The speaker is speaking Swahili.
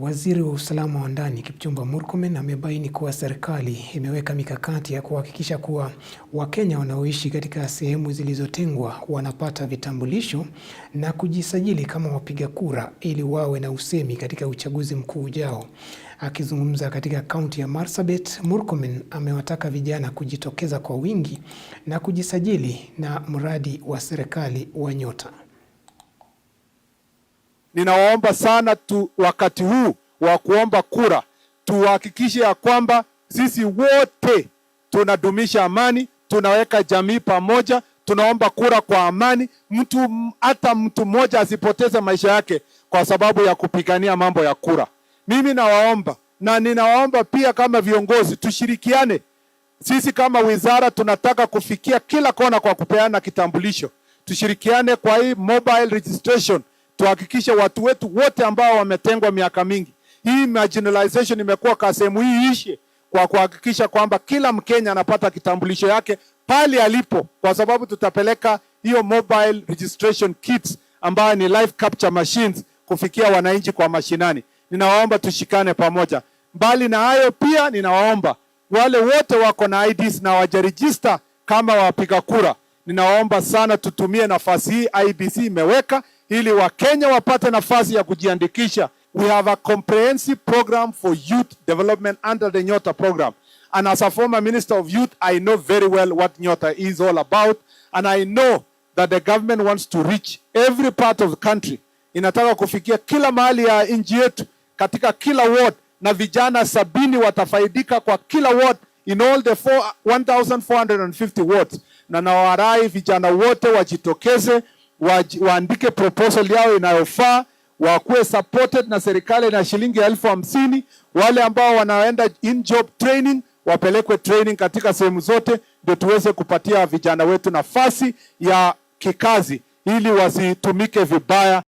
Waziri wa usalama wa ndani Kipchumba Murkomen amebaini kuwa serikali imeweka mikakati ya kuhakikisha kuwa Wakenya wanaoishi katika sehemu zilizotengwa wanapata vitambulisho na kujisajili kama wapiga kura ili wawe na usemi katika uchaguzi mkuu ujao. Akizungumza katika kaunti ya Marsabit, Murkomen amewataka vijana kujitokeza kwa wingi na kujisajili na mradi wa serikali wa Nyota ninawaomba sana tu, wakati huu wa kuomba kura tuhakikishe ya kwamba sisi wote tunadumisha amani, tunaweka jamii pamoja, tunaomba kura kwa amani. Mtu hata mtu mmoja asipoteze maisha yake kwa sababu ya kupigania mambo ya kura. Mimi nawaomba na ninawaomba pia kama viongozi tushirikiane. Sisi kama wizara tunataka kufikia kila kona kwa kupeana kitambulisho. Tushirikiane kwa hii mobile registration tuhakikishe watu wetu wote ambao wametengwa miaka mingi, hii marginalization imekuwa kwa sehemu hii ishe, kwa kuhakikisha kwamba kila Mkenya anapata kitambulisho yake pale alipo, kwa sababu tutapeleka hiyo mobile registration kits ambayo ni life capture machines kufikia wananchi kwa mashinani. Ninawaomba tushikane pamoja. Mbali na hayo, pia ninawaomba wale wote wako na IDs na wajarejista kama wapiga kura, ninawaomba sana tutumie nafasi hii IBC imeweka ili Wakenya wapate nafasi ya kujiandikisha. We have a comprehensive program for youth development under the Nyota program. And as a former minister of youth, I know very well what Nyota is all about. And I know that the government wants to reach every part of the country. Inataka kufikia kila mahali ya nchi yetu katika kila ward, na vijana sabini watafaidika kwa kila ward in all the 4, 1450 wards. Na nawarai vijana wote wajitokeze waandike proposal yao inayofaa, wakuwe supported na serikali na shilingi elfu hamsini. Wale ambao wanaenda in job training wapelekwe training katika sehemu zote, ndio tuweze kupatia vijana wetu nafasi ya kikazi ili wasitumike vibaya.